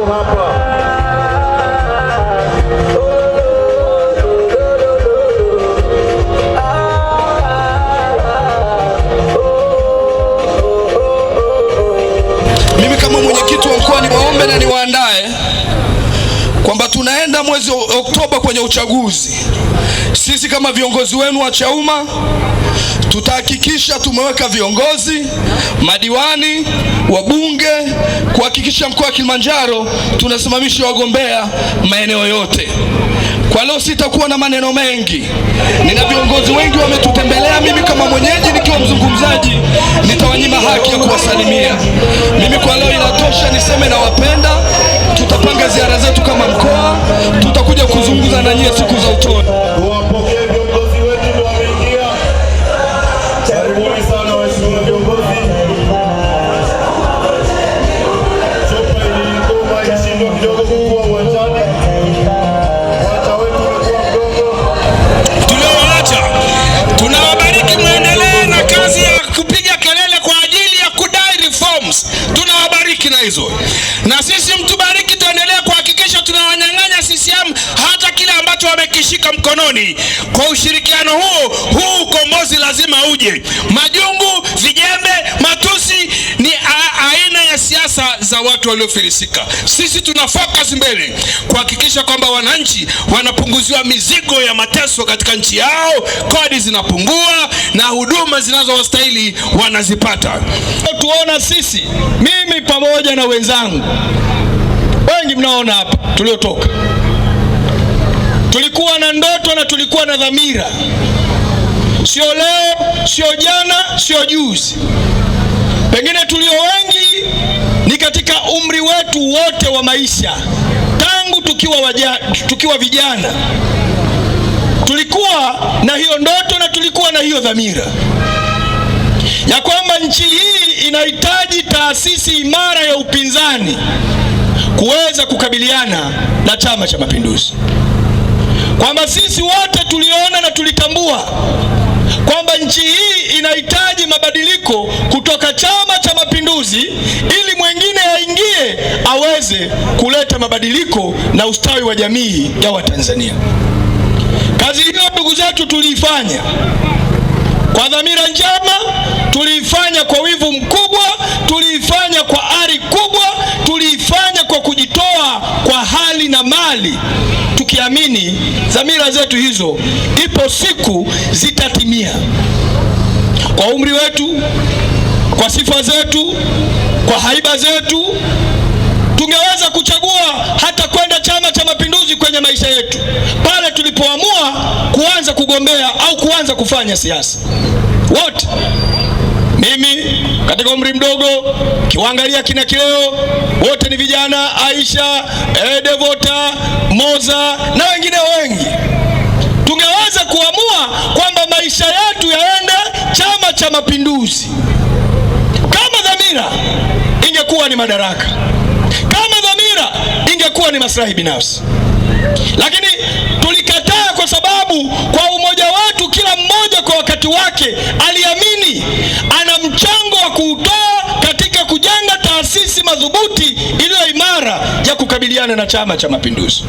wako hapa. Mimi kama mwenyekiti wa mkoa niwaombe na niwaandae kwamba tunaenda mwezi Oktoba kwenye uchaguzi. Sisi kama viongozi wenu wa Chauma tutahakikisha tumeweka viongozi, madiwani, wabunge kuhakikisha mkoa wa Kilimanjaro tunasimamisha wagombea maeneo yote. Kwa leo sitakuwa na maneno mengi, nina viongozi wengi wametutembelea. Mimi kama mwenyeji nikiwa mzungumzaji, nitawanyima haki ya kuwasalimia. Mimi kwa leo inatosha, niseme nawapenda. Tutapanga ziara zetu kama mkoa, tutakuja kuzungumza na nyie siku za utoni. kushika mkononi. Kwa ushirikiano huo huu ukombozi lazima uje. Majungu, vijembe, matusi ni aina ya siasa za watu waliofilisika. Sisi tuna focus mbele kuhakikisha kwamba wananchi wanapunguziwa mizigo ya mateso katika nchi yao, kodi zinapungua na huduma zinazowastahili wanazipata. Tuona sisi, mimi pamoja na wenzangu wengi mnaona hapa tuliotoka Tulikuwa na ndoto na tulikuwa na dhamira, sio leo, sio jana, sio juzi. Pengine tulio wengi ni katika umri wetu wote wa maisha, tangu tukiwa, waja, tukiwa vijana tulikuwa na hiyo ndoto na tulikuwa na hiyo dhamira ya kwamba nchi hii inahitaji taasisi imara ya upinzani kuweza kukabiliana na Chama cha Mapinduzi kwamba sisi wote tuliona na tulitambua kwamba nchi hii inahitaji mabadiliko kutoka Chama cha Mapinduzi ili mwengine aingie aweze kuleta mabadiliko na ustawi wa jamii ya Watanzania. Kazi hiyo ndugu zetu, tuliifanya kwa dhamira njema, tuliifanya kwa wivu mkubwa, tuliifanya kwa ari kubwa, tuliifanya kwa kujitoa kwa hali na mali tukiamini dhamira zetu hizo, ipo siku zitatimia, kwa umri wetu, kwa sifa zetu, kwa haiba zetu. Tungeweza kuchagua hata kwenda Chama cha Mapinduzi kwenye maisha yetu, pale tulipoamua kuanza kugombea au kuanza kufanya siasa wote mimi katika umri mdogo, kiwaangalia kina kileo wote ni vijana, Aisha, eh, Devota, Moza na wengine wengi. Tungeweza kuamua kwamba maisha yetu yaende Chama cha Mapinduzi kama dhamira ingekuwa ni madaraka, kama dhamira ingekuwa ni maslahi binafsi, lakini tulikataa kwa sababu kwa umoja wetu kila mmoja kwa wakati wake madhubuti iliyo imara ya kukabiliana na Chama cha Mapinduzi.